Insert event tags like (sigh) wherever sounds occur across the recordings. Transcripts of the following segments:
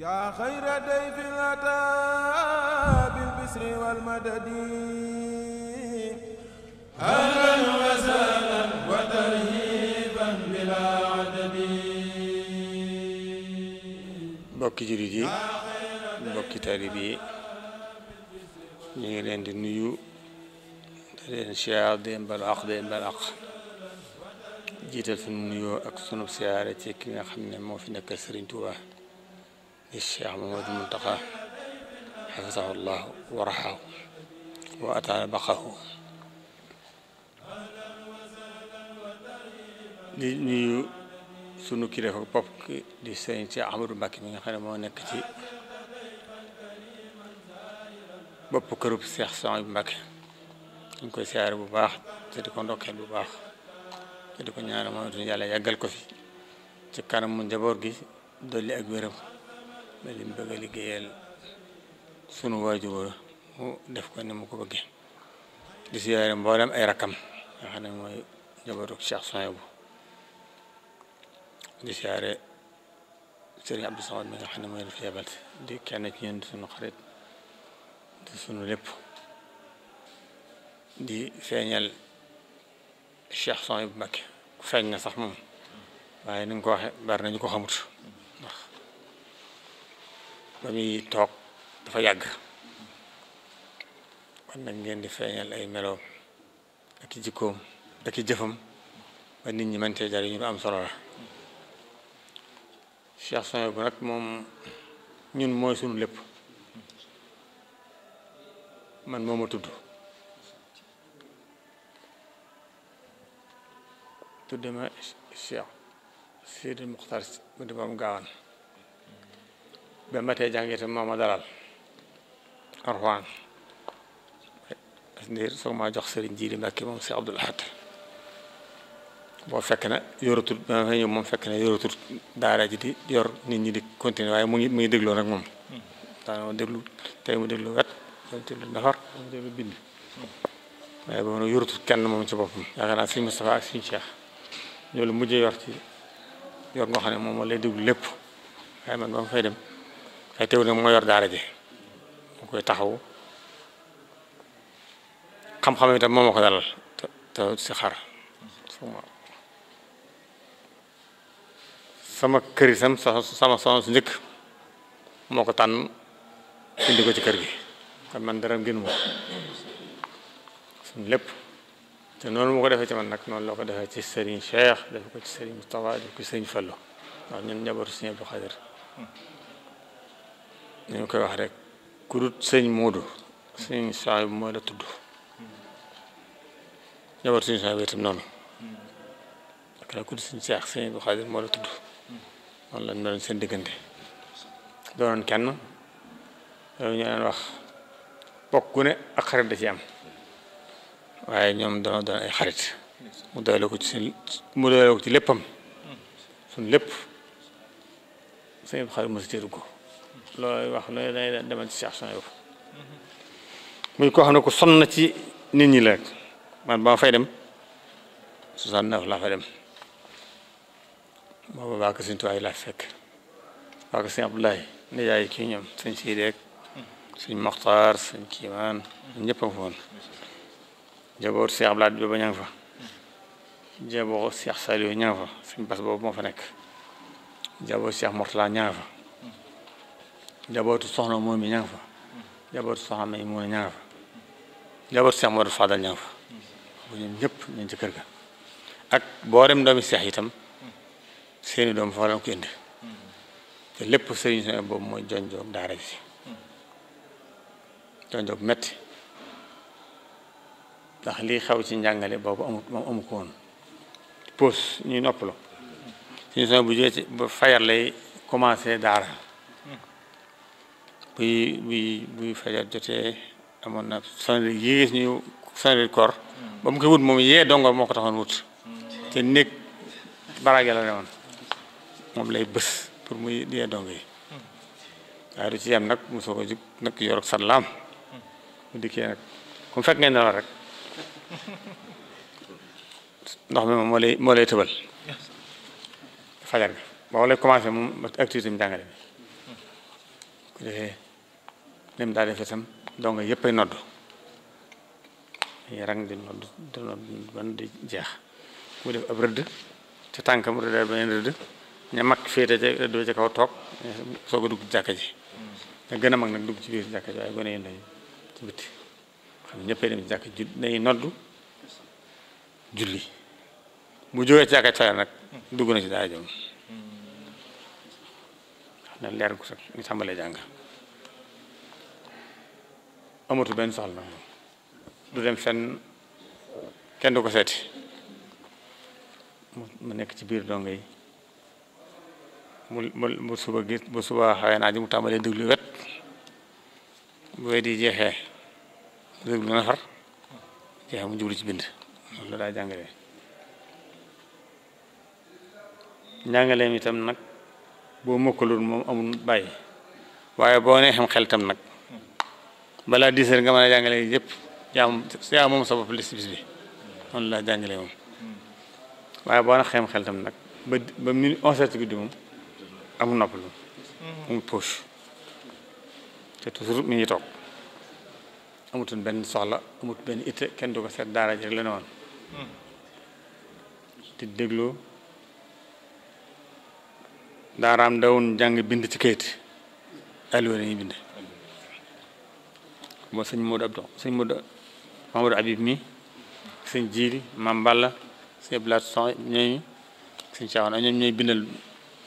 يا خير في الأتى بالبسر والمدد أهلا وسهلا وترهيبا بلا عدد بوكي جريدي بوكي تاريبي نيغي لين دي نيو دالين شيال دين بالاخ دين بالاخ جيتال في النيو اك سونو سياره تي كيغا خا مو في نك سيرين توبا للشيخ محمود المنتقى حفظه الله ورحاه وأطابقه di nuyu sunu kilifa bopp di sëriñ ci Amadou Mbacke mi nga xam ne moo nekk ci bopp kërub Seex Sohaybu Mbacke ñu koy siyaare bu baax te di ko ndokkeel bu baax te di ko ñaanal moom itam yàlla yàggal ko fi ci kanam mu njaboot gi dolli ak wéram ba lim bëgg a liggéeyal sunu waajur mu def ko ni mu ko bëggee di siyaare mboolem ay rakkam nga xam ne mooy njabootu Cheikh Souhaïbou di siyaare Serigne Abdou Samad mi nga xam ne mooy daf yebal di kenn ci ñun di sunu xarit di sunu lépp di feeñal Cheikh Souhaïbou Mbacké feeñ na sax moom waaye ni nga ko waxe bari nañu ko xamut ba muy toog dafa yàgg kon nag ngeen di feeñal ay melo ak i jikkoom ak i jëfam ba nit ñi mën cee jariñu lu am solo la Cheikh Souhaïbou bu nag moom ñun mooy sunu lépp man moo ma tudd tudde ma Cheikh Sidi Muxtar mu di moom gaawaan ba ma tee jàng itam moo ma dalal arxuwaan ndiir soo maa jox sëriñ jiiri mbàkki moom si Abdul Ahad boo fekk na yoratul ba ma ñëw moom fekk na yoratul daara ji di yor nit ñi di continuer waaye mu ngi mu ngi dégloo nag moom daana ma déglu tey mu déglu wet mu déglu nafar mu déglu bind waaye boobu nag yoratul kenn moom ci boppam yaakaar naa suñ Moustapha ak suñ Cheikh ñoo lu mujjee yor ci yor ngoo xam ne moom lay déglu lépp waaye man ba ma fay dem ay teew mo yor daara ji moo koy taxaw xam-xam itam mo ma ko dalal te te si xar sama kër sam sama soxna su njëkk moo ko indi ko ci kër gi kon man dara gën mo suñ lépp te noonu mu ko defee ci man nak noonu la ko ci Serigne Cheikh def ko ci Serigne mustafa def ko ci Serigne fallo ñun njaboot Serigne Abdou Khadir ni ngi koy wax rek ku sëñ Moodu sëñ Saay bu mooy la tudd jabar sëñ Saay bi itam noonu sëñ Seex sëñ bu Xaadir moo la tudd noonu lañ meloon seen diggante doonoon kenn ñu leen wax bokk gu ne ak xarit da ci am waaye ñoom dana doon ay xarit mu doylu ko ci seen mu doylu ko ci léppam suñ lépp sëñ bu Xaadir mosu ci dugg looy wax looy day demal ci Cheikh Souhaïbou muy koo xam ne ku sonn ci nit ñi la rek man ba fay dem 69 laa fay dem booba waa ko Sëñ Tuubaa yi laa fekk waa ko Sëñ Abdoulaye ne yaay kii ñoom sëñ Siidi ak sëñ Moxtaar sëñ Kiimaan ñëpp a fa woon jaboot Cheikh Abdoulaye bi ba ña nga fa jaboot Cheikh Saliou ña nga fa sëñ Bas boobu moo fa nekk jaboot Cheikh Mourtala ña nga fa njabootu soxna moom mi ña fa njabootu soxna may moom ña nga fa njabootu seex Moodu Fadal ña nga fa bu ñëpp ñu ci kër ga ak boolem doomi seex itam seeni te lépp sëriñ mooy jonjoob daara ji jonjoob metti ndax lii xew ci njàngale boobu amut moom bu jógee lay commencé daara buy buy buy fajar jotee amoon na sonal yées ñu sonal koor hmm. ba mu koy wut moom yee dongo moo ko taxoon wut hmm. te néeg barage la ne woon moom lay bës pour muy yee dongo yi hmm. waaye du ci nag mu soog a jug nag yor ak salaam mu dikkee nag comme fekk ngeen nelaw rek (laughs) ndox mi moom moo lay moo lay tëbal fajar bi boo lay commencé moom activité mu jàngale bi ko eh, defee def mu daa defee tam donga yëppay nodd dañuy di nodd di nodd ban di jeex mu def ab rëdd ca tànkam rëdd beneen rëdd ña mag féete ca rëdd ba ca kaw toog soog a dugg jàkka ji nga gën a nag dugg ci biir jàkka ji waaye gone yéen dañu ci jàkka ji dañuy nodd julli mu jógee ci jàkka ji nag dugg na ci daa jëm ndax ñu tàmbalee jàng amatu benn soxla du dem fenn kenn du ko seeti mu nekk ci biir dongo yi mu mu suba gis bu suba xawee naa ji mu tàmbalee déglu wet bu wet yi jeexee déglu na far jeexee mu jublu ci bind loolu daa jàngale jàngaleem itam nag boo mokkalul moom amul bàyyi waaye boo nee xam xel tam nag balaa dix heures nga mën a jàngale yëpp yaa moom moom sa bopp bis bi noonu laa jànjale moom waaye boo na xam xel tam nag ba ba minu onze heures ci guddi moom amul noppalu amul poche te toujours mi ngi toog amutoon benn soxla amut benn itte kenn du ko seet daara ji rek la ne dégloo daaraam dawoon jàng bind ci kayit alluwa la ñuy bind boo sëñ Modou Abdou sëñ Modou Mamadou Habib mi sëñ Jiiri Mam Balla sëñ Blaat Sox ñooñu sëñ Caxoon ñoom bindal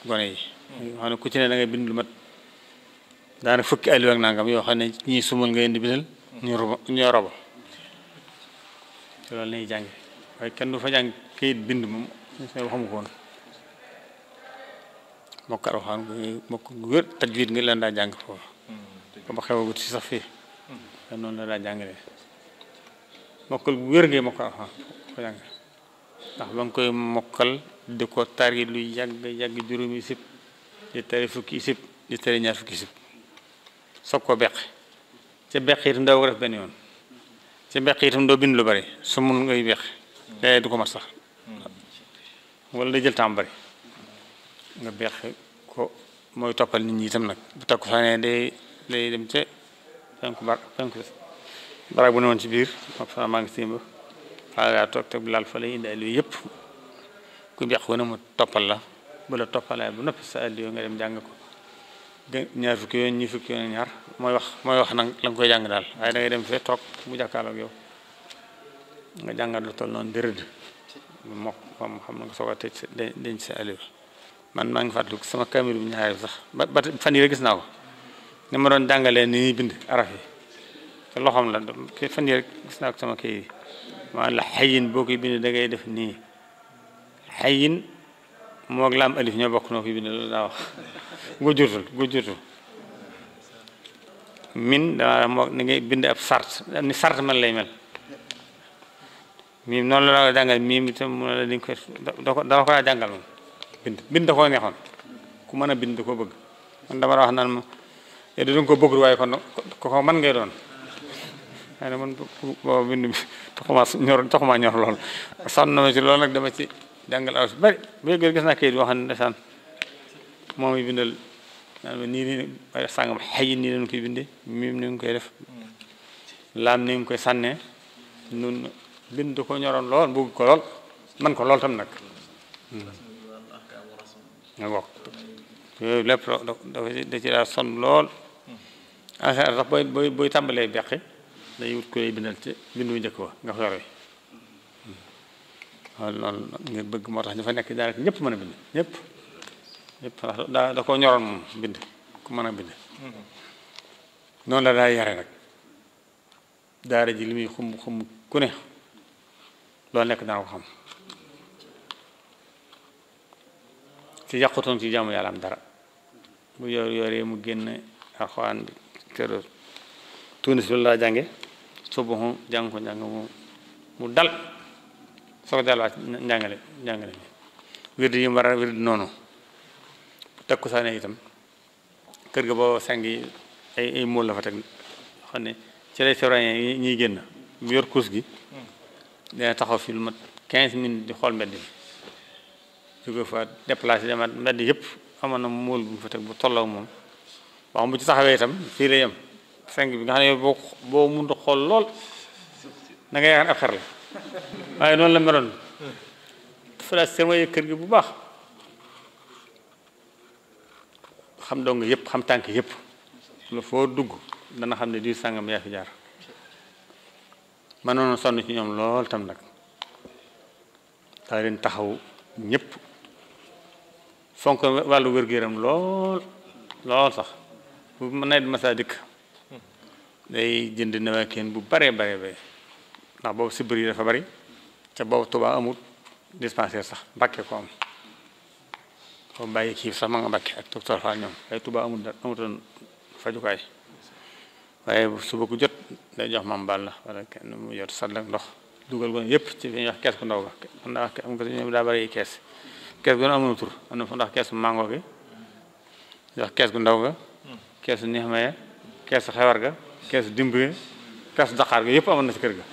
gone yi xam ne ku ci bind lu mat daanaka fukki alluwa ak nangam yoo xam ne ñii sumal nga indi bindal ñu robo ñoo robo jàng waaye kenn du fa jàng kayit bind moom sëñ waxamu ko woon mokk alxuraan mokk gu wér tajwid ngi leen daa jàng foofu ba xewagut si sax fii te hmm. noonu la daa jàngale mokkal gu wér ngay mokk ko jàng ndax ba koy mokkal di ko tari lu yàgg yàgg juróomi sib di tari fukki sib di tari ñaar fukki sib soog ko beq ca beq ko yoon ca beq itam doo lu bari su mun ngay hmm. beq léeg du ko mat sax hmm. wala jël nga beex ko mooy toppal nit ñi tam nag bu takku sax day day dem ca penku ba penku bu ne woon ci biir moom sax maa ngi simb xaaral yaa toog te bu laal yëpp ku beex ko ne toppal la bu la toppalaay bu noppi sa alluwa nga dem jàng ko ñaar fukki yoon ñi fukki yoon ñaar mooy wax mooy wax nag la koy jàng daal waaye da dem fee toog mu jàkkaarloog yow nga jàngal lu toll noonu dërëd mokk moom xam na nga soog a tëj sa denc sa alluwa man maa ngi fàttaliku sama kaamil bu ñaareel sax ba ba fan yii gis naa ko ni ma doon jàngalee ni ñuy bind araf yi te loxoom la fan yii gis naa ko sama kii yi maanaam la xayin boo koy bind da def nii xayin moo ak laam alif ñoo bokk noo koy bind ngay bind ab sart ni sart man lay mel miim noonu la la jàngal miim itam mu ne la di nga ko jàngal moom bind bind da koo neexoon ku mën a bind da koo bëgg man dama la naan ma yow da nga ko bëggul waaye ko ko man ngay doon waaye nag man booba lool sànn ci loolu nag boo xam ne ndeysaan moom i bindal naan ma nii nii koy bindee miim koy def sànnee nun bind ko ñoroon lool bëgg ko lool man ko lool tam nag hmm. nga bokk yooyu lépp dafa da ci daa sonn lool affaire sax booy booy booy tàmbalee beq dañuy wut ku lay bindal ci bindu njëkk ba nga ko yor wi hmm. ngir bëgg moo tax ñu fa nekk daanaka ñëpp mën a bind ñëpp ñëpp daa da koo ñoroon moom bind ku mën a bind hmm. noonu la daa yare nag daara ji li muy xum xum ku ne loolu nekk daa ko xam te yàqutoon ci jaamu yàlla am dara bu yor yoree mu génn alxuraan bi kër tunis bi laa jànge subuhu jàng ko njàng mu mu dal soo ko delluwaat njàngale njàngale mi wird mu war a wird noonu takku saa ne itam kër ga boo sang yi ay mool la fa teg xam ne ci lay yi ñuy génn bu yor course gi hmm. dina taxaw fi lu mat quinze minutes di xool mbedd jóge fa déplacer dama mbedd yëpp amoon na muul bu fa tek bu tolloo mom ba mu ci taxawé tam fi la yam feng bi nga xam bo boo boo mënut xool lool da nga yaakaar ab la waaye noonu la meloon kër gi bu baax xam nga yépp xam tank yépp lu fo dugg dana xam di sangam sàngam yaa fi jaar mënoon sonn ci ñom lol tam nak daa taxaw ñepp fonk wàllu wér-gu-yaram lool lool sax bu nawet masaa dikk day jënd nawakeen bu baree baree bare ndax boobu sibir yi dafa bari te boobu tubaa amut dispensaire sax Mbàkke ko am boo bàyyi kii sax ma nga Mbàkke ak docteur Fall ñoom waaye tubaa amul da amutoon fajukaay waaye suba ku jot day jox mam bal la wala kenn mu jot sàll ak ndox dugal ko yëpp ci fi ñuy wax kees bu ndaw ga ndax am nga ñoom daa bari kees kees gu ne amoon a am na fa ndax keesu mango gi ndax kees gu ndaw ga keesu neex maye keesu xewar ga keesu dimb ga keesu daqaar ga yëpp amoon na si kër ga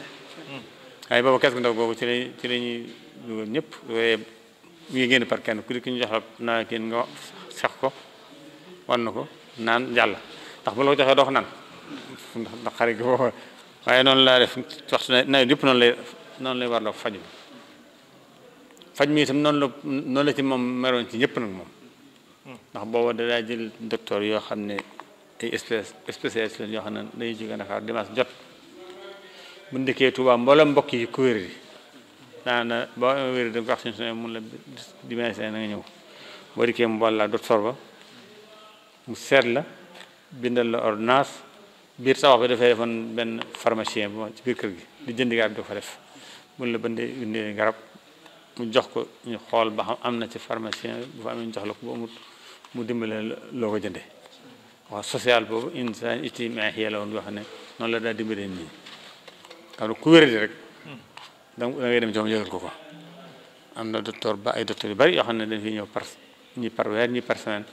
waaye booba kees gu ndaw googu ci lañ ci la ñuy dugal waaye mu ngi génn kenn ku di ñu jox la naa nga sex ko wan na ko naan jàll ndax bu la ko joxee doo ko naan ndax xarit noonu laa def waxtu nawet yëpp noonu lay noonu lay war la faj mi itam noonu la noonu ci moom meroon ci ñëpp nag moom ndax booba dadaa jël docteur yoo xam ne ay espèce spécialiste yoo xam ne dañuy jóge Ndakaar dimanche jot bu ndikkee Tuubaa mboolem mbokk yi ku wér boo amee wér da nga ko wax la dimanche na ñëw boo dikkee mu la docteur ba mu seet la bindal la ordonnance biir tabax bi dafay defoon benn pharmacien bu ci biir kër gi di jëndi garab di ko fa def mun la bëndee indee garab mu jox ko ñu xool ba xam am na ci pharmacien bu fa amee ñu jox la ko ba amut mu dimbale loo ko jënde waaw social boobu insaan iti maaxiya la woon yoo xam ne noonu la daa dimbalee nii xam ne ku wéradi rek da ngay dem ci moom yëgal ko ko am na docteur ba ay docteur yu bari yoo xam ne dañ fi ñëw par ñi par weer ñi par semaine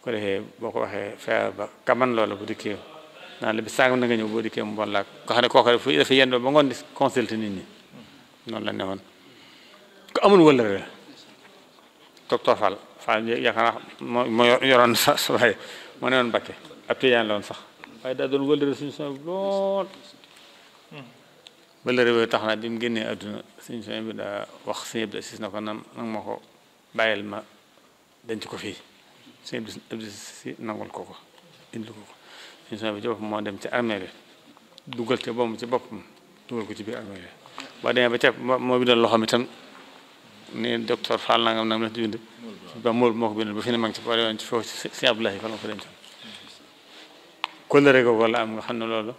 ko defee boo ko waxee feebar ba kaman loola bu dikkee naan la bi sàngam na nga ñëw boo dikkee mu bon laak ko xam ne kooku dafa yendoo ba ngoon di consulter la ne ku amul wëllëre la docteur Fall Fall yaakaar moo yoroon sa sa waaye moo ne woon Mbakke ab tiyaan sax waaye daa doon wëllëre suñu son lool wëllëre yooyu tax na bi mu génnee àdduna suñu son wax suñu Abdou na ko nan nag ma ko bàyyil ma denc ko fii suñu Abdou si nangul ko ko indi ko ko bi ci boppam moo dem ci armée bi dugal ca boppam ci boppam dugal ko ci biir armée bi boo demee ba ca moo bi doon loxoom itam ne docteur Fall nangam nag la ci bind ba mool moo ko bindal ba fi ne ma ci pare woon ci foofu si ko dencoon kóllëre la am nga xam ne loolu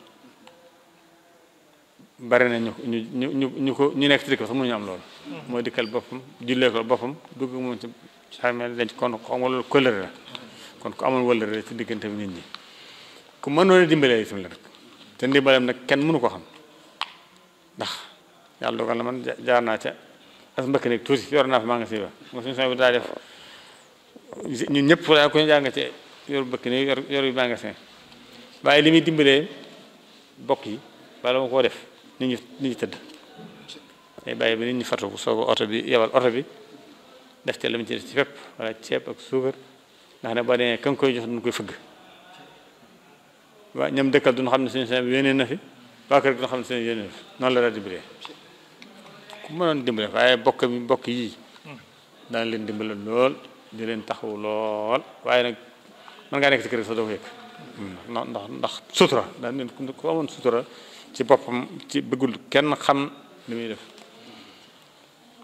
bari na ñu ñu ñu ñu ko ñu nekk ci dëkk sax mënuñu am loolu moo dikkal boppam jullee ko boppam dugg moom ci xamel denc kon ko nga loolu kóllëre la kon ku amoon wëllëre ci diggante bi nit ñi ku mënoon a dimbalee itam la nag te ndimbalam nag kenn mënu ko xam ndax yàlla dogal na man jaar naa ca dafa mbëkk nekk tuuti yor naa maa nga si ba moom suñu son bi daa ñu jàng ci yor mbëkk ne yor yor yu magasin li muy dimbalee bokk yi wala ma koo def nit ñi nit tëdd day bàyyi ba nit ñi fatu soo oto bi yebal oto bi def ca la mu ci def ci ak suukar ndax ne ba demee ka nga koy jox duñ koy fëgg waa ñoom dëkkal duñ xam ne suñu son bi yéeneen na fi waa kër duñ xam ne suñu yéeneen na fi noonu la daa dimbalee ku mënoon dimbale waaye bokk mi bokk yii daan leen dimbale lool di leen taxaw lool waaye nag mën ngaa nekk ci kër sax doo ko yëg mm. ndax ndax ndax sutura daan leen ku amoon sutura ci boppam ci bëggul kenn xam li muy def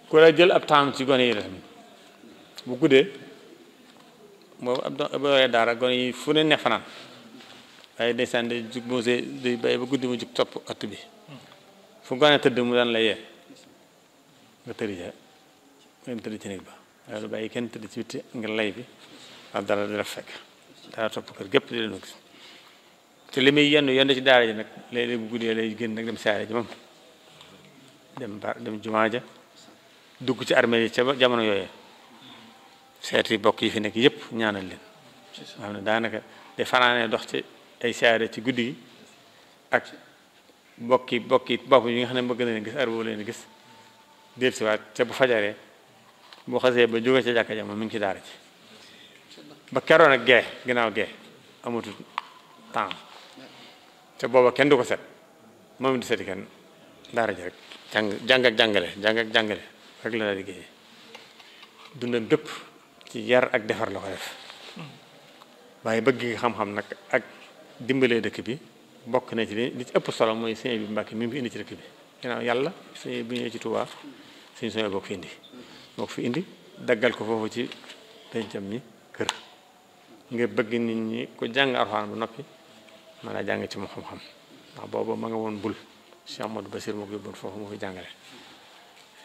ku la jël ab temps ci gone yi la tamit bu guddee moom ab doore daara gone yi fu ne ne fanaan waaye ndeysaan day jug mose day bàyyi ba guddi mu jug topp ëtt bi mm. fu gone tëdd mu daan la yee nga tëri ca ngeen tëri ci néeg ba waaye lu bàyyi kenn tëri ci witti ngir lay bi ak dara di la fekk dara topp kër gépp di leen gis te li muy yendu yendu ci daara ji nag léeg-léeg bu guddee lay génn nag dem saare ji ba dem jumaa ja dugg ci armée yi ca ba jamono yooyee seeti bokk yi fi nekk yëpp ñaanal leen nga xam ne daanaka day fanaanee dox ci ay saare ci guddi gi ak bokki bokki bopp yi nga xam ne bëgg leen gis ar leen gis dellusiwaat te bu fajaree bu xasee ba jóge ca jàkka ja moom ngi ci daara ci ba keroon ak gee ginnaaw gee amatul temps te booba kenn du ko set moom du seti kenn daara ji rek jàng jàng ak jàngale jàng ak jàngale rek la daa liggéeyee dundam dëpp ci yar ak defar la ko def waaye bëgg xam-xam nag ak dimbalee dëkk bi bokk na ci li li ëpp solo mooy sëñ bi Mbàkke mi ngi indi ci dëkk bi ginnaaw yàlla sëñ bi ñëwee ci Tuubaa suñu sooy bokk fi indi bokk fi indi daggal ko foofu ci pencam mi kër nga bëgg nit ñi ku jàng arxaan bu noppi man a jàng ci mu xam-xam ndax booba ma nga woon bul Cheikh Amadou Basir moo ko yóbboon foofu moo koy jàngale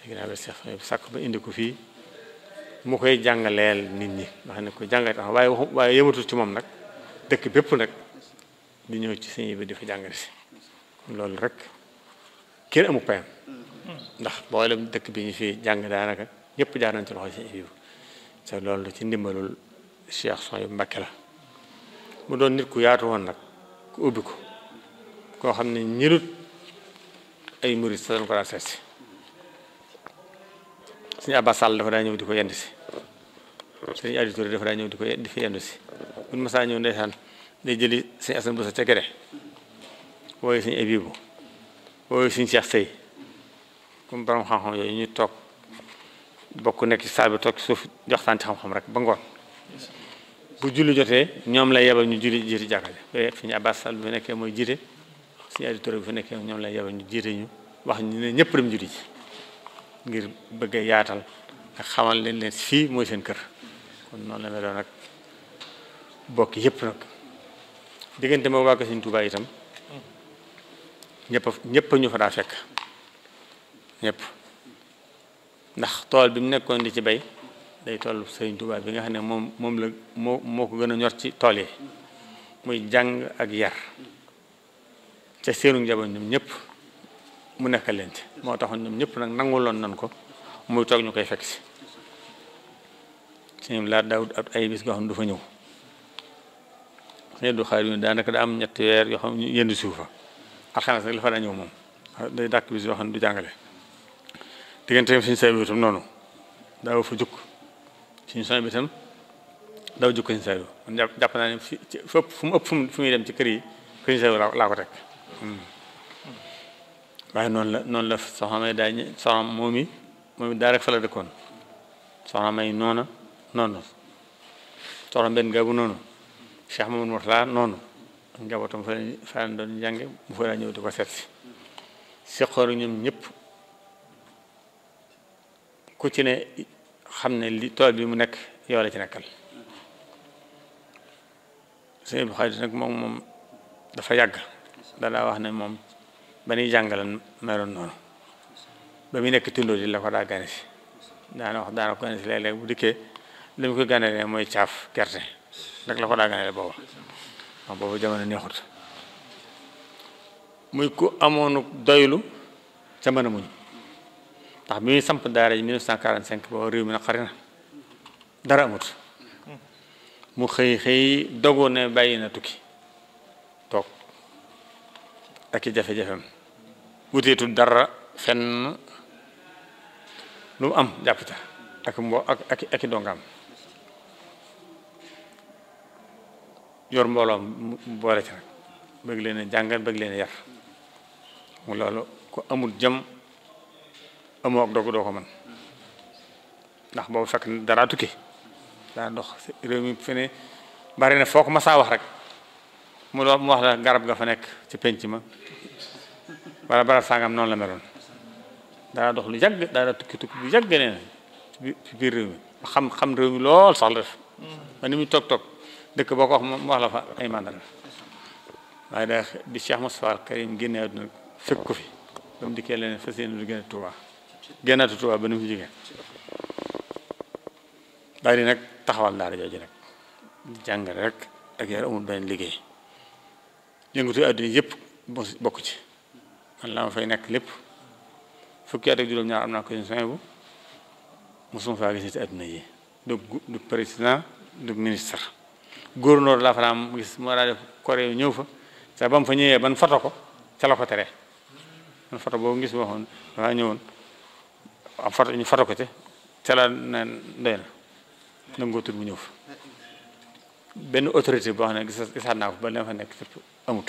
ginnaaw bi Cheikh sàkk ba indi ko fii mu koy jàngaleel nit ñi ndax ne ko jàngale waaye waxu waaye yëmatul ci moom nag dëkk bépp nag di ñëw ci sëñ bi di fa jàngale si loolu rek kenn amu payam ndax mboolem dëkk bi ñu fi jàng daanaka ñëpp jaar nañ ci loxo si Abibu te loolu ci ndimbalul Cheikh Sohaybu Mbakke la mu doon nit ku yaatu woon nag ku ubbi ko koo xam ne ñirut ay murit sa doon ko daan seet si suñu Abba dafa daa ñëw di ko yend si suñu Adi dafa daa ñëw di ko yendu si buñ masaa ñëw ndeysaan day jëli suñu Asan Buso ca wooyu suñu Abibu wooyu suñu Cheikh Sey comme borom xam-xam yooyu ñu toog bokk nekk ci saal bi toog ci suuf joxtaan ci xam-xam rek ba ngoon bu julli jotee ñoom lay yebal ñu julli jiite jàkka ji fi eh, ñu Abbas Sall bi nekkee mooy jiite si auditeur bi ñoom lay yebal ñu jiite ñu wax ñu ne ñëpp dem julli ngir bëgg yaatal ak xamal leen leen fii mooy seen kër kon noonu la meloon nag bokk yëpp nag diggante moo waa ko Sëñ Tuubaa itam ñëpp ñëpp ñu fa daa fekk ñëpp ndax tool bi mu nekkoon di ci bay day toll Sëriñ Tuubaa bi nga xam ne moom moom la moo moo ko gën a ñor ci tool yi muy jàng ak yar ca seenu njaboot ñoom ñëpp mu nekk leen ci moo taxoon ñoom ñëpp nag nanguloon nan ko muy toog ñu koy fekk si si suñu laa daawut ab ay bis nga xam ne du fa ñëw suñu du xaar yu daanaka da am ñetti weer yoo xam ne yendu suufa alxames la fa daa ñëw moom day dàkk bis yoo ne du jàngale digganteem suñu saa bi itam noonu daaw fa jukk suñu saa bi itam daaw jukk jàpp naa ne fi ëpp ci kër yi kër yi laa ko teg hmm. waaye noonu la noonu la soxna may daa soxna moom yi moom it daa rek fa la dëkkoon soxna may noona noonu soxna benn gaabu noonu Cheikh Mamadou Mourtala noonu njabootam fa fa doon jànge mu fa daa ñëw di ko seet si seqoor ñoom ñëpp ku ci ne xam ne li tool bi mu nekk yow la ci nekkal sëñ Abdou nag moom moom dafa yàgg danaa wax ne moom ba ñuy jàngalan meroon noonu ba mu nekk tundoo di la ko daa gane si daana wax daana ko gane si léeg-léeg bu dikkee li mu ko ganele mooy caaf gerte rek la ko daa ganele booba wax boobu jamono neexut muy ku amoonu doylu ca mën a muñ ndax bi muy samp daara ji 1945 boo réew mi na xari na dara amut mu xëy xëy dogoon bàyyi na tukki toog ak i jafe-jafem wuteetul dara fenn lu mu am jàpp ak mbo ak ak ak i dongaam yor mbooloom boole ci nag bëgg leen a jàngal bëgg leen a yar mu loolu ko amul jëm amoo ak dogu doo ko mën ndax boobu fekk dara tukki daa dox réew mi fi ne na foo ko masaa wax rek mu doo mu wax la garab ga fa nekk ci penc ma wala barab noonu la meloon daa dox lu yàgg daa tukki lool sax muy toog toog dëkk boo ko wax mu wax la fa ay mandal Karim génne àdduna fekk ko fi ba dikkee leneen fas lu gën a Tuubaa génnaatu Tuubaa ba nu fi jógee daal di nag taxawal daara jooju rek jàngale rek ak yar amul benn liggéey yëngatu àdduna yëpp bokk ci man la fay nekk lépp fukki at ak juróom-ñaar am naa ko ci bu mosuma gis ci àdduna yi du président du ministre gouverneur laa fa am gis moo daa def Corée ñëw fa sa ba mu fa ñëwee ban foto ko ca la ko foto boobu gis waxoon waxaa ñëwoon am fata ñu fata ko ci calaa ne doy na nangoo tur bu ñëw fa benn autorité boo xam ne gisaat naa ko ba la fa nekk fépp amut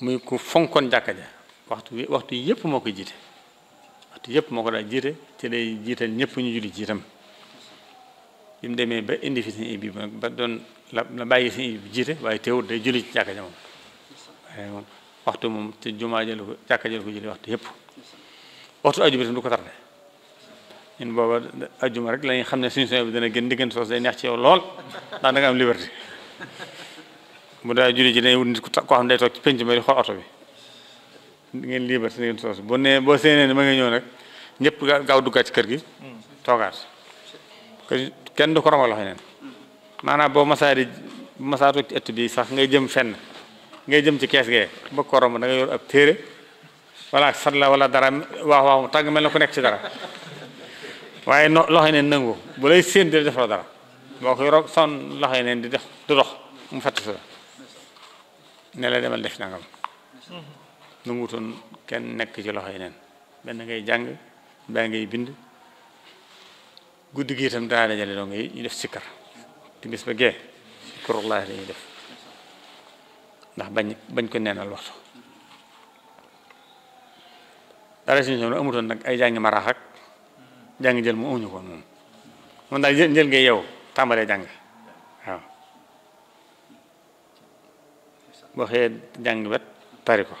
muy ku fonkoon jàkka ja waxtu wi waxtu yëpp moo koy jiite waxtu yëpp moo ko daa jiite ci lay jiital ñëpp ñu julli jiitam bi mu demee ba indi fi sëñ bi ba doon la bàyyi si bi jiite waaye teewul day julli ci jàkka ja moom waxtu moom ci jumaa jël ko jàkka jël ko jëli waxtu yëpp waxtu ajuma itam du ko tarde ñun booba ajuma rek lañuy xam ne suñu soñ bi dana gën diggante day neex ci yow lool ndax da nga am liberté bu daa julli ji dañuy wut nit ku koo xam ne day toog ci penc ma di xool oto bi ngeen liberté ngeen soos bu ne boo seenee ne ma nga ñëw nag ñëpp gaaw duggaat ci kër gi toogaat kenn du ko romal loxo neen maanaam boo masaa di masaa toog ci ëtt bi sax ngay jëm fenn ngay jëm ci kees gee ba korom da nga yor ab téere wala sat la wala dara waax waax mu tàng mel na ku nekk ci dara waaye no loxo neen nangu bu lay séen ko yoroo son loxo neen di def du dox mu fàtt sa ne la demal def nangam nangutoon kenn nekk ci loxo neen benn ngay jàng baa ngay bind guddi gi itam daa dajale doo ngay ñu def sikkar timis ba gee sikkarullaahi lañuy def ndax bañ bañ ko neenal waxtu dara si ñoom amutoon nag ay jàngi maraax ak jàngi jël mu amuñu ko moom moom daal jël ngay yow tàmbalee jàng waaw boo xëyee jàng wet tari ko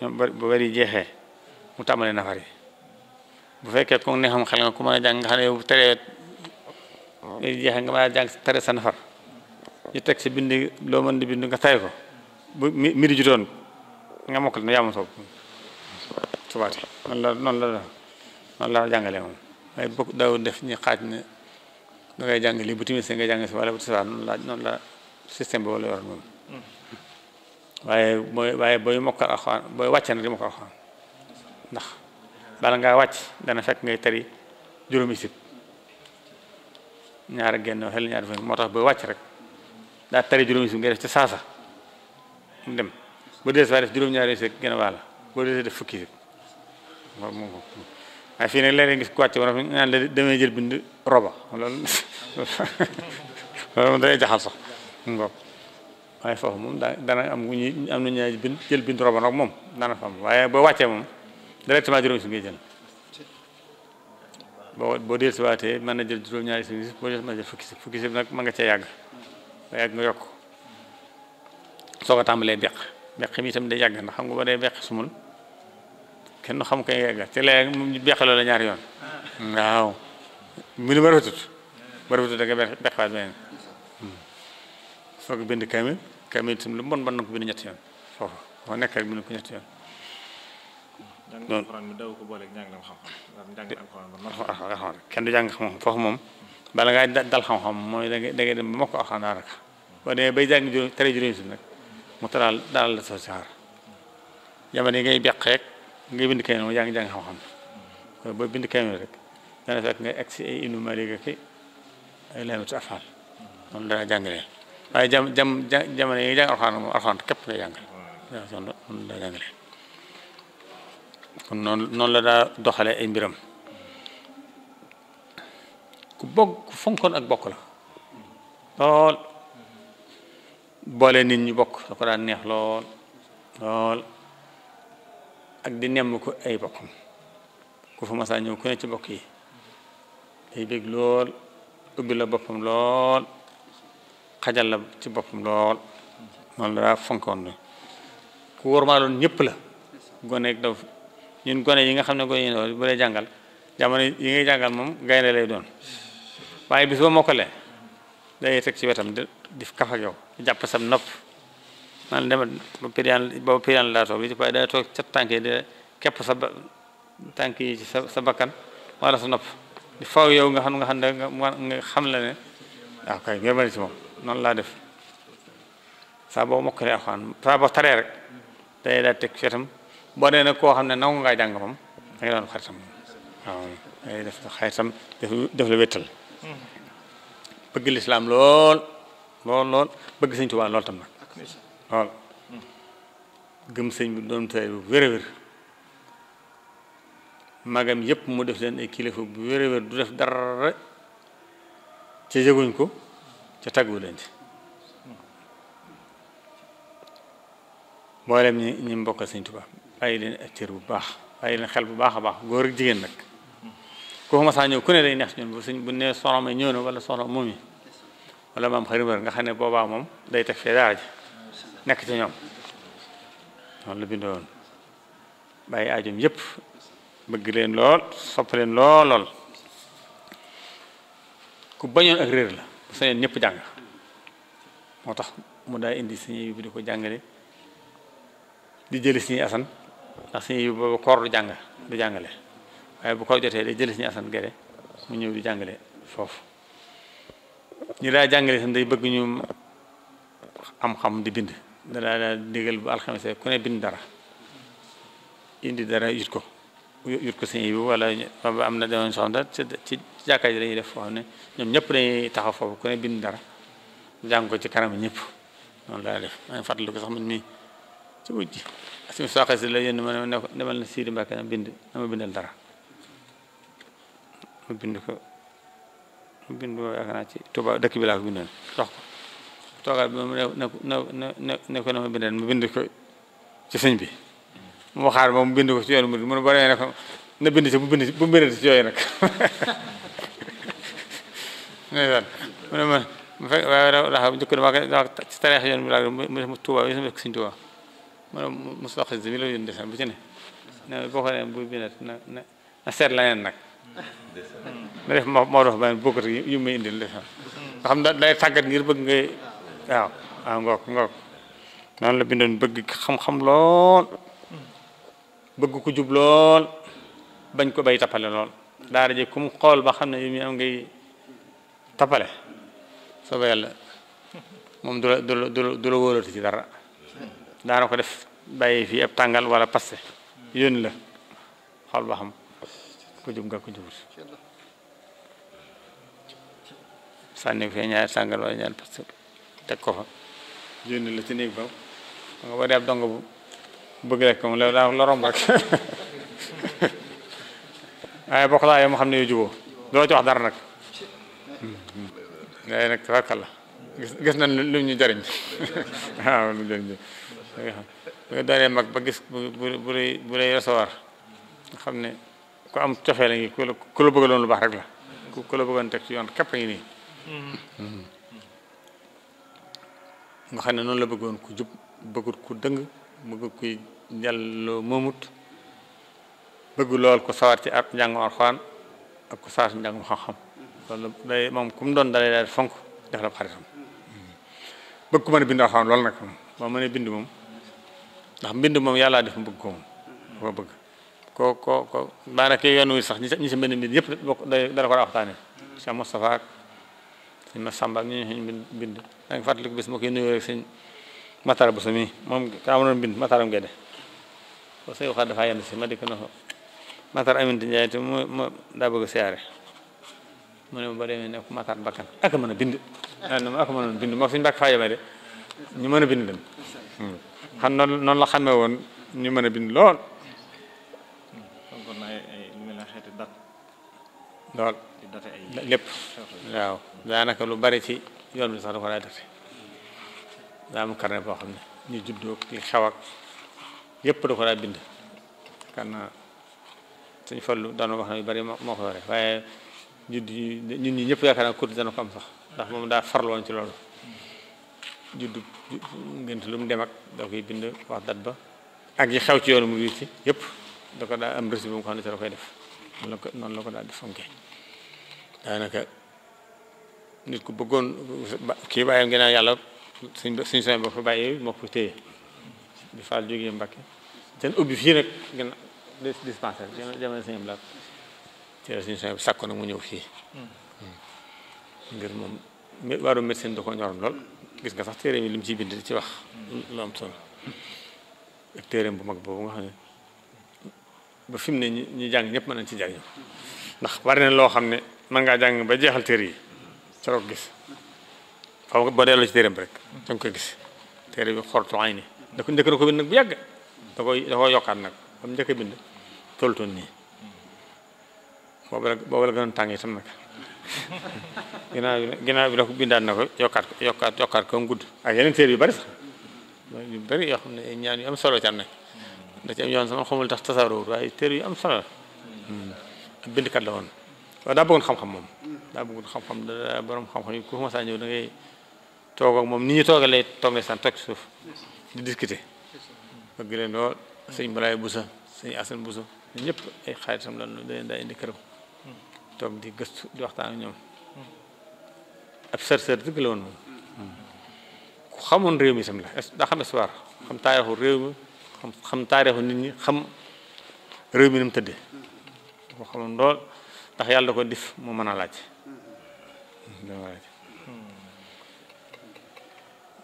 ñoom bu wari jeexee mu tàmbalee nafar yi bu fekkee ko ne xam xel nga ku mën a jàng nga xam ne tere sa nafar ñu teg si bind loo mën di bind nga tari ko bu midi jotoon nga mokkal na yaa ma la noonu la noonu laa jàngale moom waaye bokk def ñi xaaj ne da ngay jàng lii bu timis nga jàng si wala bu tisbaar noonu la noonu la système bi wala yor moom waaye booy waaye booy mokkal alxuraan booy wàcce na di mokkal alxuraan ndax bala ngaa wàcc dana fekk ngay tari juróomi sib ñaar genn xel ñaar fen moo tax booy wàcc rek daa tari juróomi sib ngay def ci saasa mu dem ba des waa def juróom-ñaari sëg gën a wàll boo desee def fukki sëg moom la jël bind roba loolu (laughs) loolu moom sax bopp waaye foofu moom dana am ñu am na ñaari bind jël bind roba nag moom dana fa waaye boo wàccee moom directement juróomi si ngay jël boo boo dellusiwaatee mën na jël juróom-ñaari si boo des ma fukki si fukki si nag mën nga cee yàgg nga yàgg nga yokk soo ko tàmbalee beq beq mi itam day yàgg ndax xam nga ba dee beq sumul kenn du xam koy yàgg te léegi moom beq loolu la ñaari yoon waaw mu ne ba rafetut ba rafetut da nga beqaat beneen hmm. soo ko bind kaamil kaamil itam lu bon bon na ko bind ñetti yoon foofu foo nekk rek bind ko ñetti yoon noonu alxuraan kenn du jàng xam-xam foofu moom bala ngaa dal xam-xam mooy da ngay dem ba mokk alxuraan daanaka boo demee bay jàng juróom tere juróomi nag mu taral daal la sa saar jamono yi ngay beq rek ngay bind kay moom yaa ngi jàng xam-xam kon boo bind kay rek dana fekk si ay Ibnu Malik dana jàngalee waaye jam jam jamono yi ngay jàng alxuraan képp la jàngalee kon noonu la daa doxale ay mbiram ku bokk fonkoon ak bokk la lool boole nit ñu bokk da ko daan neex lool lool ak di nemm ko ay bokkam ku fa masaa ñëw ku ne ci bokk yi day bég lool ubbi la boppam lool xajal la ci boppam lool noonu la daa fonkoon ne ku wormaaloon ñëpp la gone ak gone yi nga xam ne gone yi bu lay jàngal jamono yi ngay jàngal moom gaynde lay doon waaye bis ba mokkale day fekk ci wetam di di yow jàpp sam nopp man dema ba piriyaan booba piriyaan laa toog li day toog ca tànk yi di képp sa tànk yi sa sa bakkan wala sa nopp di faw yow nga xam nga xam ne nga xam la ne waaw kay ngir ma noonu laa def saa boo mokkalee alxuraan saa boo taree rek day daal teg fetam boo nee nag koo xam ne nangu ngaa jàng moom day def xaritam def lu wéttal hmm. bëgg lislaam lool lool lool bëgg sëñ Tuubaa lool tam nag lool gëm sëñ bi doon tay bu magam yépp mu def leen ay kilifa bu wér a du def dara ca yëguñ ko ca tàggu leen ci mboolem ñi ñi mbokkal sëñ Tuubaa bàyyi leen ak bu baax ay leen xel bu baax a baax góor ak jigéen nag ku ma masaa ñëw ku ne day neex ñun bu suñ bu nee soxna ñëw na wala soxna moomi wala am xarit nga xam ne boobaa moom day teg fee daara ji nekk ci ñoom noonu la bindoon bàyyi aajum yëpp bëgg leen lool sopp leen lool lool ku bañoon ak réer la bu sañoon ñëpp jàng moo tax mu daa indi suñuy yóbbu di ko jàngale di jëli suñuy asan ndax suñuy yóbbu boobu koor du jàng du jàngale waaye bu kaw jotee day jëlee suñu asan gere mu ñëw di jàngale foofu ñu daa jàngale itam day bëgg ñu am-xam di bind danaa daa digal dara indi dara yut ko yut ko sëñ bi wala am na demoon soxna dañuy def xam ne ñoom ñëpp dañuy taxaw foofu ku bind dara jàng ko ci kanam ñëpp noonu laa def maa ngi fàttaliku sax man mii ci si saqasi demal na Siiri Mbàkke na bind na ma bindal dara ma bind ko ma bind ko yaakaar ci Tuuba dëkk bi laa ko bindoon jox ko bi moom ne bind ko ci sëñ bi mu waxaat moom mu bind ko ci yoonu mu mu bone ne ko na bind ci bu bind bu bind ci yooyu nag mu ne mu fekk waaye bi laa mu def mu Tuuba bi sama dëkk sëñ bu ci ne ne boo ko ne na na seet la neen nag na def moo tàggat ngir bëgg ngay waaw waaw ngook ngook noonu la bindoon bëgg xam-xam lool bëgg ku lool bañ ko bay tappale lool daara ba xam ne yu muy am moom du la du ko def bàyyi fii ab tàngal wala passe yónni la xool ba xam ku jub nga ku jubul sànni fee ñaar sàngal wala ñaar parce que ko fa génn la ci néeg ba nga ba ab dong bu bëgg rek moom la la romb rek waaye bokk laa yow ma xam ne yow ci wax dara nag day nag rakka la gis nañ lu ñu jariñ waaw lu jariñ nga ba gis bu bu lay recevoir ko am cofee la ngi ku la ku la lu baax rek la ku la bëggoon yoon képp ngi nii nga xam ne noonu la bëggoon ku jub bëggut ku dëng bëgg kuy njàlloo moomut bëgg lool ku sawar ci at njàngu alxuraan ak ku sawar ci njàngu xam-xam loolu moom ku mu doon dalay daal fonk def la xaritam bëgg ku mën a bind alxuraan loolu nag moom moo mën bind moom ndax mbind moom yàllaa def mu bëgg ko moom dafa bëgg ko ko ko daanaka yoon wi sax ñi si mbind mbind yëpp dana ko daa waxtaane Cheikh Moustapha ak sëñ Massamba ak ñu ñu bind da nga fàttaliku bis moo koy nuyoo rek sëñ bind Mataram Guède ko sëñ waxaat dafaa yenn si ma dikk na ko Matar Aminta Ndiaye te mu ma daa bëgg a siyaare mu ne ma ba demee ne nekk Matar bakkan ak mën a bind ak mën a bind moo suñu bàkk faa yemee de ñu mën a bind dem hmm. xam noonu la xamee woon ñu mën a bind lool lool lépp waaw daanaka lu bari ci yoon bi sax da ko daay dote daa am carnet boo xam ne ñu juddoo ki xew ak yépp da ko daay bind kan suñ fallu daana wax na yu bari moo ko yore waaye judd ñun ñi ñëpp yaakaar naa kurti dana ko am sax ndax moom daa farloon ci loolu juddu ngénte lu mu dem ak da koy bind wax dat ba ak yi xew ci yoonu mu wiir ci yépp da ko daa am rési bu mu ko xam ne ci da koy def noonu la ko la ko daal di fonke daanaka nit ku bëggoon kii bàyyam ginnaaw yàlla suñ suñ soñ boo fa bàyyi moo ko téye bi faal jógee Mbàkke seen ubbi fii nag gën a dispensaire jamono suñu blaat ci la suñu soñ bu sàkko nag mu ñëw fii hmm. ngir moom waaru médecine da ko ñoroon lool gis nga sax téere mi li mu ciy bind ci wax lu am solo ak téereem bu mag boobu nga xam ba fim ne ñi jang ñep mëna ci jang ndax war na lo xamne man nga jang ba jéxal téré yi soo ko gis faw ba delloo ci téré rek da nga koy gis téré bi xortu ay ni da ko ndek na ko bind nak bu yàgg da koy da ko yokkat nak am ndek bind toltoon nii bo bo la gën tangi itam nak (laughs) gina gina bi da ko bindaat na yokkat yokkat yokkat ko ngud ak yeneen téré yu bari sax yu bari yo xamne ñaan yu am solo ci nak da ci am yoon sama xamul tax tasaaroo waaye téere yu am solo la ab bindkat la woon waaye daa bëggoon xam-xam moom daa bëggoon xam-xam daa borom xam-xam yi ku fa saa ñëw da ngay toog ak moom ni ñu toogee lay toog ne san toog suuf di discuter bëgg leen lool sëñ Mbalaay Busa sëñ Asan Busa ñëpp ay xaaritam lan lu leen daa indi këram toog di gëstu di waxtaan ak ñoom ab sër sër dëgg la woon moom ku xamoon réew mi sam la daa xam histoire xam taarixu réew mi xam taarixu nit ñi xam réew mi ni mu tëddee ko xamoon lool ndax yàlla da ko def mu mën a laaj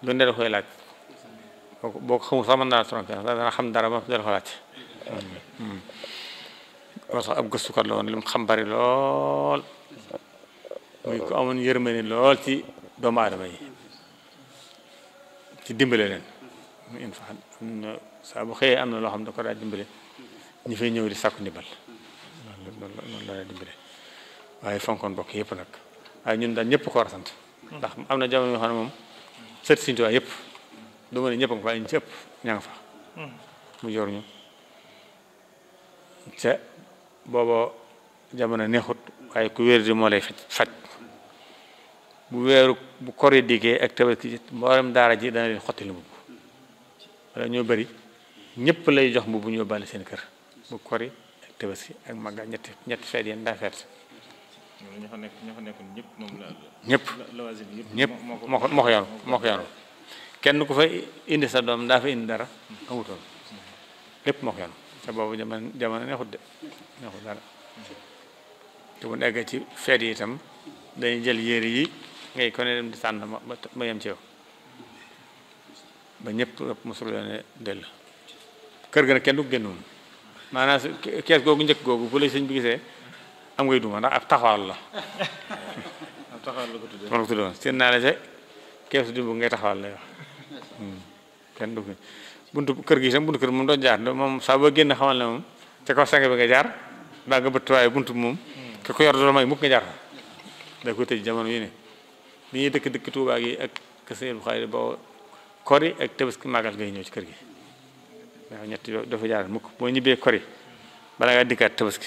lu ne da koy laaj boo ko xamul sax mën naa trompé dana xam dara ba dana ko laaj loolu sax ab gëstukat la woon mu xam bari lool muy ko amoon yërmande lool ci doomu aadama yi ci dimbale leen saa bu xëyee am na loo xam ne da ko daa dimbale ñu fay ñëw di sàkku ndimbal waaye fonkoon bokk yépp nag waaye ñun daal ñëpp ko war a sant am na jamono yoo xam ne moom sët Sëriñ Tuubaa yëpp du ma ne ñëpp fa ña nga hmm. mu jor ñu ca booba jamono neexut waaye ku wér di moo lay faj faj bu weeru bu kori dikkee ak tabaski mboolem daara ji dana leen xotti li mbubb wala ñoo bëri ñépp lay jox mbubb bu ñu yóbbaale seen kër bu kori ak tabaski ak magga ñetti ñetti feet yéen daa feet ñoo fa nekk ñoo fa nekkoon ñëpp moom la ñëpp ñëpp moo ko moo ko yoroon moo ko kenn ku fa indi sa doom daa dara amutoon lépp moo ko yoroon te boobu jamono jamono neexut de neexut ci feet yi itam jël yére yi ngay ko ne ma ma ci yow ñëpp mosul yoone kër ga kenn du ko génnoon maanaam kees googu njëkk googu bu la sëñ bi gisee am ngay duma ndax ab taxawal la. ab taxawal la ko tuddee man ko tuddee ngay taxawal la yow hmm. kër gi tam buntu kër moom doo moom saa boo génn xamal ne moom te kaw sang bi nga jaar mbaa nga bëtt waaye buntu moom. te hmm. ku ko tëj jamono yi ne bi ñuy dëkk dëkk Tuubaa gi ak kese bu xaay boo kori ak tabaski màggal ngay ñëw ci kër gi. dafa ñett dafa jaar mukk boo ñibbee kori bala ngaa dikkaat tabaski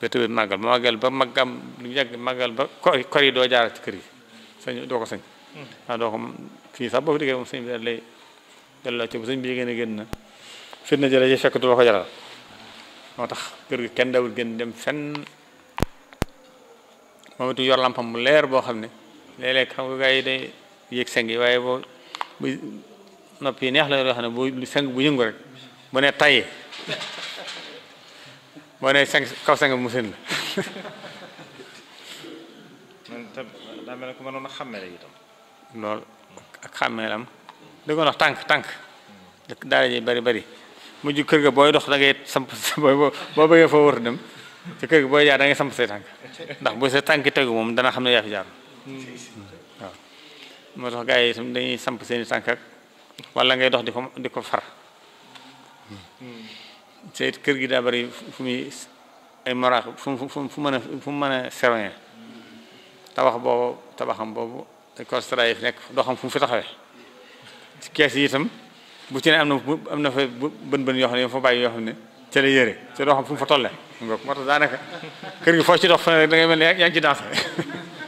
ba tëbët màggal ba màggal ba màggam lu yàgg màggal ba kori kori doo jaar ci kër yi sañ doo ko sañ hmm. waaw doo ko fii sax boo fi diggee moom sëñ bi daal lay moo tax kër gi kenn dawul gën dem fenn moom itam yor lampam leer boo xam ne léeg-léeg xam nga gars yéeg seng yi waaye nopp yi neex la yoo xam ne bu seng bu yëngu rek bu ne tayee boo ne seng kaw seng bi mu seen la loolu ak xàmmee la am da ko wax tànk tànk daara ji bari bari mujj kër ga booy dox da ngay samp (laughs) boo foo wër booy jaar da ngay samp tànk ndax bu sa tànk tegu moom dana xam ne yaa fi jaar hmm. Hmm. waaw moo tax gars yi dañuy samp seeni tànk wala ngay dox di ko di ko far hmm. te kër gi daa bari fu muy ay moraax fu mu mën a fu mu mën a serwee tabax boobu tabaxam boobu ay constat yi fi nekk doxam fu mu fi taxawee ci kees yi itam bu ci ne am na am na fa bën bën yoo xam ne yoo bàyyi yoo xam ne ca yére te doo xam fu mu fa tolle moo tax daanaka kër gi foo ci dox fa da ngay mel ne yaa ngi ci dansé (laughs)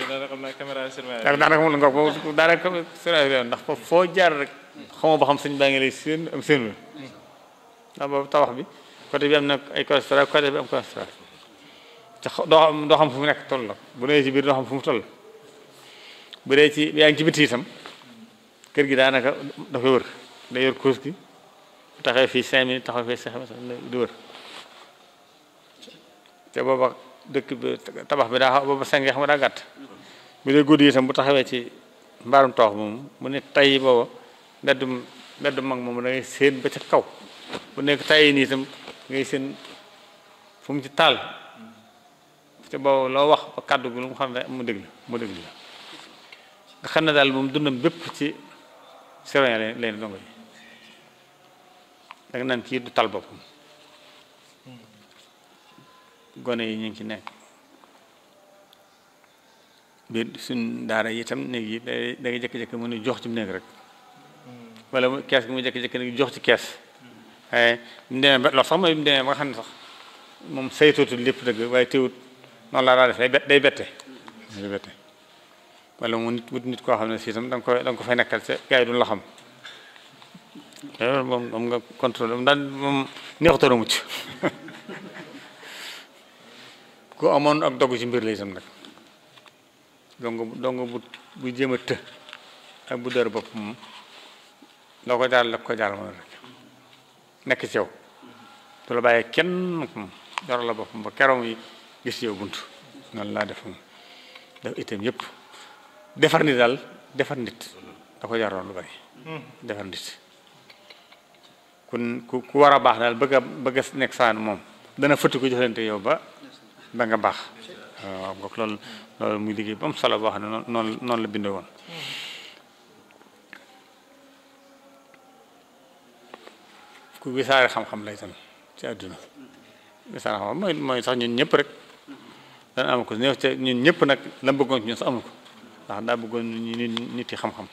te daanaka xam naa caméra surveillance. daanaka moom la nga wax ba daanaka surveillance ndax foo jaar rek xamoo ba xam sëñ baa ngi lay séen am seen ndax boobu tabax bi côté bi am na ay costra côté bi am costra te doo xam doo xam fu mu nekk toll la bu dee ci biir doo xam fu mu toll bu dee ci yaa ngi ci biti itam kër gi daanaka dafa wër day yor course gi bu fii cinq minutes taxaw fii cinq minutes di wër te booba dëkk bi tabax bi daa xaw booba seng yi xam nga daa gàtt bu dee guddi itam bu taxawee ci mbaarum toox moom mu ne tay booba mbeddum mbeddum mag moom da ngay ba ca kaw bu nekk tay nii itam ngay séen fu mu ci taal te boobu loo wax ba kàddu gi lu mu xam ne mu déglu mu déglu la nga xam ne daal moom dundam bépp ci seroin leen leen dongo yi da nga naan kii du tal boppam gone yi ñu ngi ci nekk biir suñ daara yi itam néeg yi da ngay jékki mu nu jox ci néeg rek wala kees gi mu jékki-jékki nag jox ci kees waaye mu demee ba loolu sax mooy mu ba nga xam ne sax moom saytootul lépp dëgg waaye teewut noonu laa daa def day day bette day bette wala mu nit wut nit koo xam ne si itam da nga koy ko fay nekkal sa gars yi duñ la xam eh, moom moom nga contrôle moom daal moom neexutoon a mucc (laughs) ku amoon ak dogg ci mbir la itam nag dongo dongo bu bu a të ak bu dër bopp moom loo koy daal la ko daal moom rek nekk ci yow du la bàyyee kenn moom dara la boppam ba keroog yi gis laa def moom def itam yëpp defar ku war a baax daal bëgg a bëgg a nekk saan moom dana fëtti ko jëflante yow ba ba nga baax waaw donc loolu loolu muy liggéey bu am solo boo xam ne noonu noonu la bindoo woon. ku wisaare xam-xam lay tam ci àdduna wisaare xam-xam mooy sax ñun ñëpp rek dana am ko néew ca ñun ñëpp nag la bëggoon ci ñun sax amu ko ndax daa bëggoon ñu nit yi xam-xam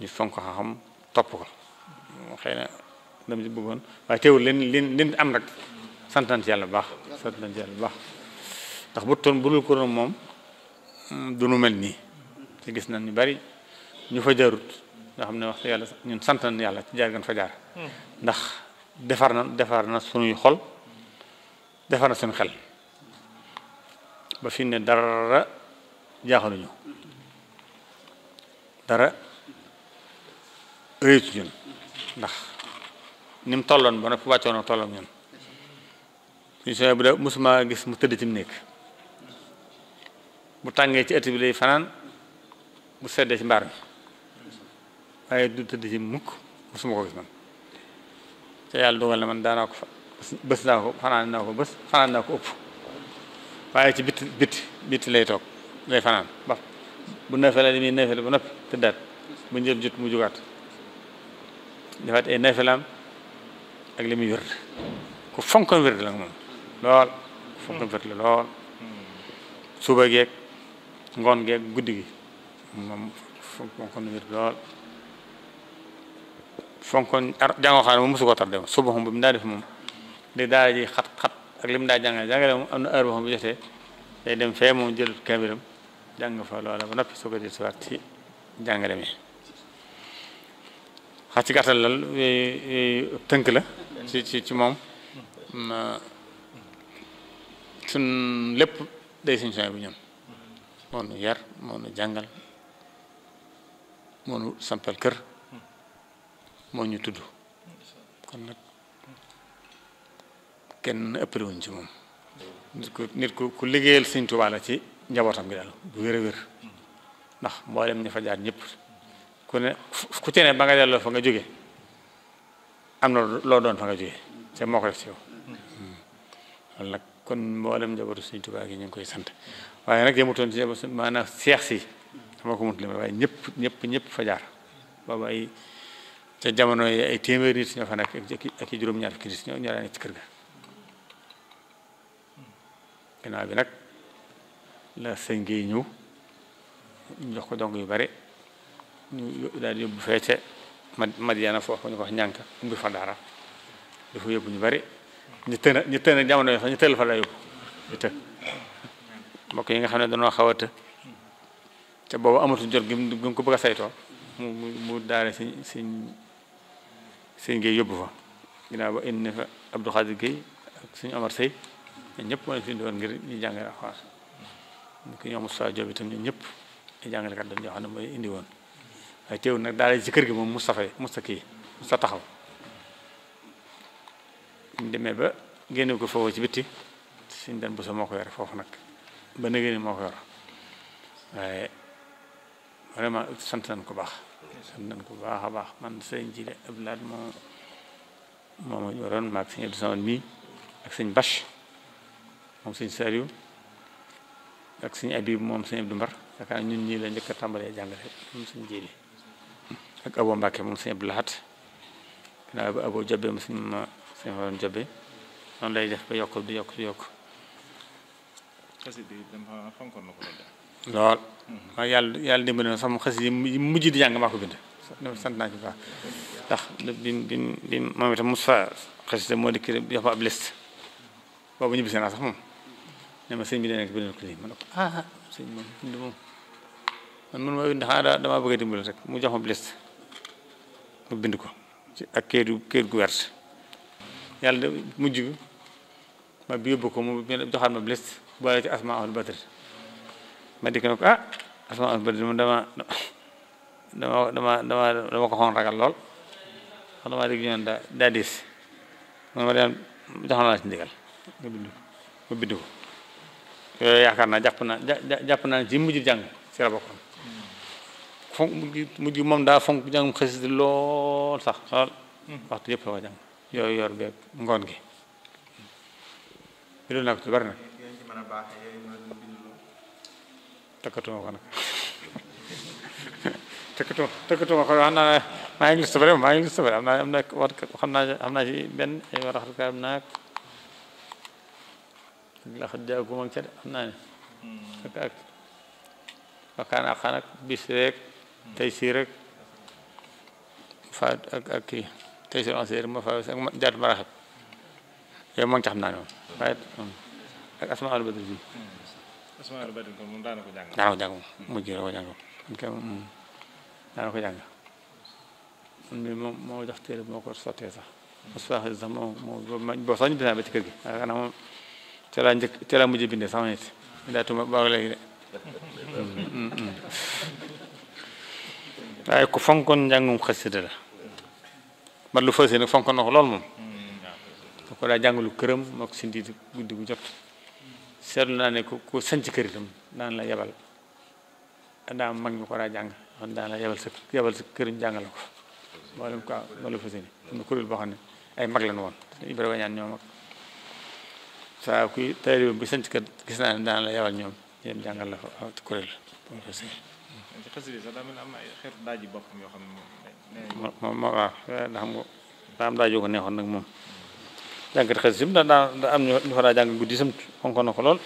ñu fonk xam-xam topp ko xëy na dama bëggoon waaye leen leen leen am nag sant nañ ci yàlla bu baax sant yàlla bu baax ndax bu toon bu dul ko doon moom mm, du nu mel nii te gis na ñu bari ñu fa jaarut nga xam ne wax yàlla ñun sant nañ yàlla ci jaar gan fa jaar hmm. ndax defar na defar na sunuy xol defar na suñu xel ba fi ne dara jaaxaluñu dara réytu ñun ndax ni tolloon ba noppi wàccoon ak tolloon ñun suñu sooy bu dee musuma gis mu tëdd ci mu nekk bu tàngee ci ëtt bi lay fanaan bu seddee ci mbaar mi waaye du tëdd ci mukk musuma ko gis man te yàlla dogal na man daanaa ko fa bés naa ko fanaan naa ko bés fanaan naa ko ëpp waaye ci bitti bitti bitti lay toog lay fanaan ba bu nafila li muy nafila ba noppi tëddaat bu njël jot mu jógaat defaat ay nafilaam ak li muy wér ku fonkoon wér la la lool hmm. suba geeg ngoon geeg guddi gi moom fonkoon na wér lool fonkoon jàngoo xam ne moom mosu ko tar dem suba xam bu mu daa def moom di daara ji xat xat ak li mu daa jàngale moom am na heure boo bu jotee day dem fee moom jël kabiram jàng fa loola ba noppi soo ko dellusiwaat ci jàngale mi xax ci gàttal lal eh, eh, tënk la ci ci ci moom sun lépp day suñ soñ bu ñun moo nu yar moo nu jàngal moo nu sampal kër moo ñu tudd kon nag kenn ëppalewuñ ci moom nit ku nit ku ku liggéeyal Sëñ Tuubaa la ci njabootam gi daal bu wér a wér ndax mboolem ña fa jaar ku ne ku ci ba nga delloo fa nga jóge am na loo doon fa nga jóge te moo ko def ci yow walla hmm. nag kon mboolem njabootu Sëñ Tuubaa gi ñu ngi koy sant waaye nag yemutoon ci ñëpp maana seex si xama ko mënut lim waaye ñëpp ñëpp ñëpp fa jaar ay ca jamono yi ay téeméeri nit ñoo fa nekk ak i juróom-ñaar fukki ñoo ñoo daan nekk kër ga ginnaaw bi nag la sëñ gi ñëw ñu jox ko dong yu bari ñu daal di yóbbu feece Madiana foofu ñu ko wax ñànk umbi fa daara dafa yóbbu ñu bari ñu tën ñu tën jamono yi sax ñu fa la yóbbu ñu tën mbokk yi nga xam ne dañoo xaw a të te boobu amatul jot gi mu ko bëgg a saytoo mu mu daane si si sëñ Gueye yóbbu fa ginnaaw ba indi fa Abdou Khadir ak suñu Omar Sey ñëpp moo leen fi doon ngir ñu jàngale alxuraan ñu ñëpp ñu jàngale ñoo xam ne mooy indi woon waaye teewul nag daal ci kër gi moom Moustapha Moustapha kii sa taxaw ñu demee ba génne ko foofu ci bitti suñ dan bu sa moo ko yore foofu nag بنجيني مغيرة آه، مريم سنتن كباخ سنتن كباخ باخ من سنجيل أبلاد ما ما مجرن ما أكسين يرسان مي أكسين باش ما أكسين سريو أكسين أبيب ما أكسين عبد المر لكن نيل نيل عندك تامر يا جانغر ما أكسين جيل لك أبو مبكر ما أكسين بلاد أنا أبو جبي ما أكسين ما أكسين فارن جبي أنا لا بيوكل بيوكل بيوكل xasida yi dama fonkoon na ko doon def lool waaw yàlla yàlla dimbali na sama xasida yi mujj di jàng maa ko bind sant naa ci baax ndax bi bi bi moom itam Moussa xasida moo dikki dafa ab liste boobu ñibbisi naa sax moom ne ma sëñ bi dana ko ko lii ma ko ah, ah sëñ moom bind moom man man ma bind xanaa damaa bëgg a dimbali rek mu jox ma liste mu bind ko ci ak kayit kayit gu wert yàlla mujj bi ma bi yóbbu ko mu joxaat ma liste boole ci asmaul badr ma dikk ne ko ah asmaul badr mu dama dama dama dama dama ko ragal lool wax dama dégg ñoon da diis man dem joxoon ci ndigal nga bind ko jàpp naa jàpp naa ci mujj jàng si la moom daa fonk jàngum xasida lool sax lool waxtu yëpp la ko jàng yooyu yor beeg ngoon gi bind naa ko ci bari nag mën a baaxee yooyu ma doon bind loolu. takkatuma (laughs) ko xam naa am na war xam naa xam naa ci benn ay war a xar kaam jaagu ma ca de xam naa ne. Hmm. ak ak waxtaan ak xanaa bis rek hmm. sii rek faat ak ak kii tey faa ak jaatu ma yooyu moom ci xam naa ne moom hmm. ak asmaul la ko jàng jàng moom moo jox téere moo ko sottee sax. Moustapha sax moom moom boo sax ñu dinaa ba ci kër gi ma nit daa tuma ba léegi de. waaye ku fonkoon njàngum xasida la man lu fas yéene nag fonkoon na ko lool moom. Mm, da ko daa jàngalu këram moog si ndiit guddi gu seetlu naa ne ku ku sanc kër itam daan la yebal daa mag ñu ko daa jàng kon daan la yebal sa ko mboolem ko loolu fas yéene am boo xam ne ay mag lañ woon Ibrahima ñaan ñoom ak saa kuy gis naa ne daan la yebal ñoom yéen jàngal la fa kuréel loolu fas yéene ci yoo xam ne moom. ma ma waaw daa am daa jóg neexoon nag moom. jàngat xasida bi ndax daa am ñu fa jàng ko lool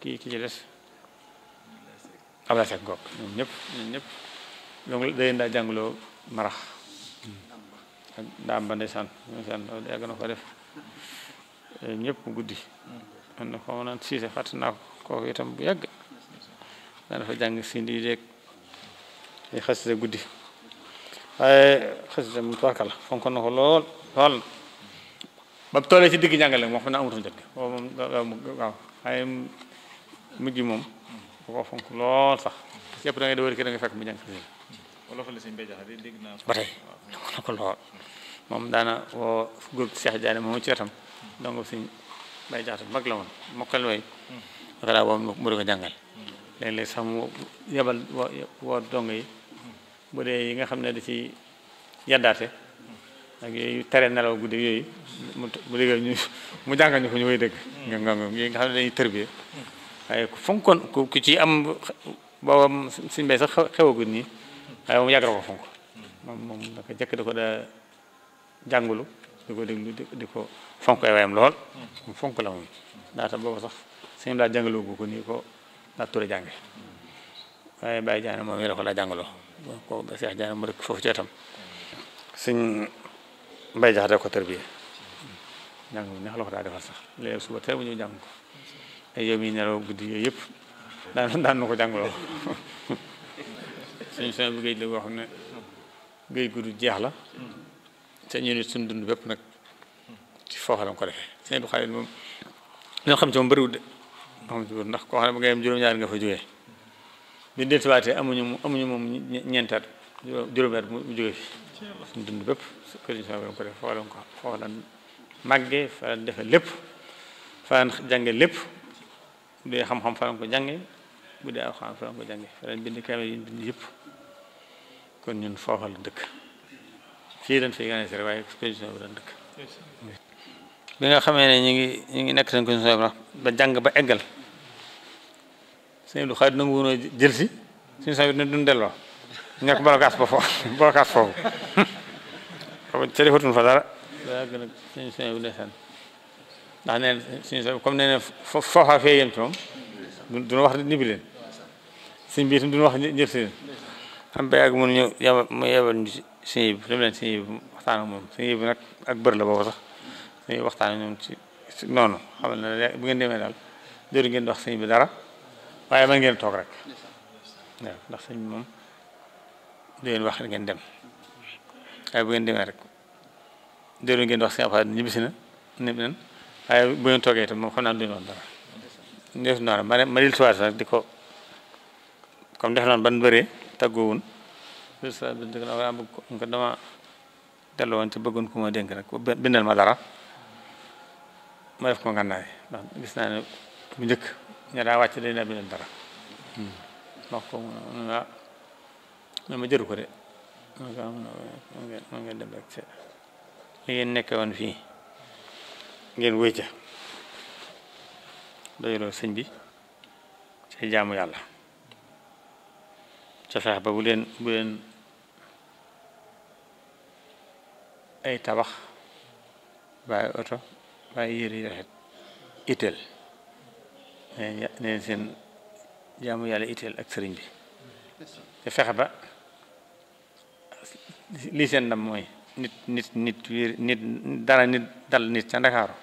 ki ci des Ablaye Seck ko def ñëpp guddi man na ko naan siise fàtt naa ko kooku itam bu yàgg daa dafa jàng sindi yi deeg ay xasida guddi waaye xasida moom tubarkal fonkoon na ko lool lool ba tollee ci digg njàngale moom xam naa amatul njëkk waaw moom waaw waaye mujj moom bu ko fonk lool sax yëpp da ngay di wër da nga fekk mu jàng xasida lool moom daana woo góor Seex Jaane mag la woon mokkal way wala hmm. woo mu di ko jàngal léeg sax mu yebal woo woo yi bu dee yi nga xam ne da ci yaddaate ak yooyu tere nelaw guddi yooyu mu bu mu jàngal ñu ko ñu koy dëgg nga nga yi nga xam ne dañuy tërbie waaye ku fonkoon ku ci am boobam suñ mbay sax xewagul nii waaye moom yàgg ko fonk moom moom daka jëkk da ko daa jàngulu di ko déglu di ko fonk ay waayam lool mu fonk la moom ko nii ko laa ture jànge waaye bàyyi jaane moom yi ko daa jàngaloo ko ba Cheikh Diagne mu dëkk foofu ci atam suñ mbay jaxate ko tërbiye jàng bu neex la ko daa defal sax léegi suba teel bu ñu jàng ko yow mi nelaw guddi yooyu yëpp daan daan ko jàngloo suñ soo bu géej la goo la te suñ dund bépp nag ci foofa la ko defee seen du xaalis moom li xam ci moom bëriwul de xam ci ndax koo xam ne ba ngay juróom-ñaar nga fa jógee bi dellusiwaatee amuñu amuñu moom ñeentaat juróomi at mu jóge fi suñu dund bépp këriñ sama borom ko def foofu ko foofu lan màggee fa lan defe lépp fa jànge lépp bu dee xam-xam fa lan ko jànge bu bind kaamil yi bind yëpp kon ñun foofa la dëkk fii dañ fi gane si waaye këriñ sama borom dëkk bi nga xamee ne ñu ngi ñu ngi nekk seen këriñ sama borom ba jàng ba eggal sëñ Abdou Khadre nangu woon a jël si suñu sëñ bi duñ delloo nekk bolokaas ba foofu bolokaas foofu ca defatuñ fa dara daa gën a suñu sëñ bi ndeysaan wax nibi leen suñ bi itam duñu wax jël si leen am ba yàgg mun ñëw yebal mu yebal ñu suñu dem leen suñu yib waxtaan ak moom suñu yib nag ak bër la boobu sax suñu waxtaan ñoom ci noonu xam ne bu ngeen demee daal dooru ngeen wax suñu bi dara waaye man ngeen toog rek waaw ndax sëñ moom du wax ngeen dem waaye bu ngeen demee rek déedéet ngeen wax seen affaire ñibbisi na ñibbi nañ waaye bu toogee itam moom xam naa du leen wax dara. naa ma ne ma di nag di ko def naa ban bëree tàggoowun bëgg ko dama delloo woon bëggoon ko ma dénk rek bindal ma dara ma gis naa ne bu njëkk. ne daa wàcc dañ daa bindal dara wax ko mu ne ah, ma ma jëru ko de mun nga mun ngeen dem rek seet li ngeen nekke woon fii ngeen wéy ca doyuloo sëñ bi ci jaamu yàlla ca ba bu leen bu leen ay tabax bàyyi oto bàyyi yëre yi rafet leen seen jaamu yàlla itteel ak sëriñ bi te fexe ba lii seen ndam mooy nit nit nit dara nit dal nit ca Ndakaaru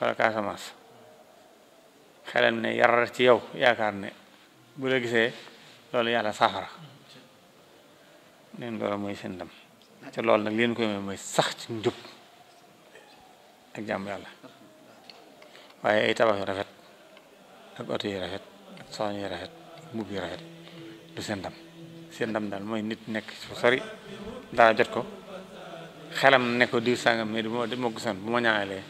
wala Casamance xelam ne yarar ci yow yaakaar ne bu la gisee loolu yàlla saafara neen loolu mooy seen ndam te loolu nag leen koy mooy sax ci njub ak jaamu yàlla waaye ay tabax yu rafet ak oto yi rafet ak soxna yi rafet ak mbubb yi rafet du seen ndam seen ndam daal mooy nit nekk fu sori dara jot ko xelam ne ko diir sàngam mais bu ma bu ma gisoon bu ma ñaanalee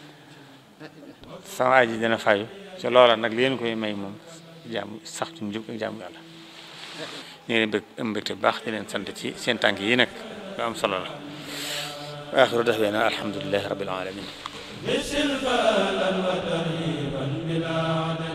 sama aji dana fayu ci loola nag leen koy may moom jàmm sax ci njub ak jàmm yàlla ñu ngi leen am mbégte bu baax di leen sant ci seen tànk yi nag lu am solo la waaxiru da'waanaa alhamdulillahi rabbil aalamiin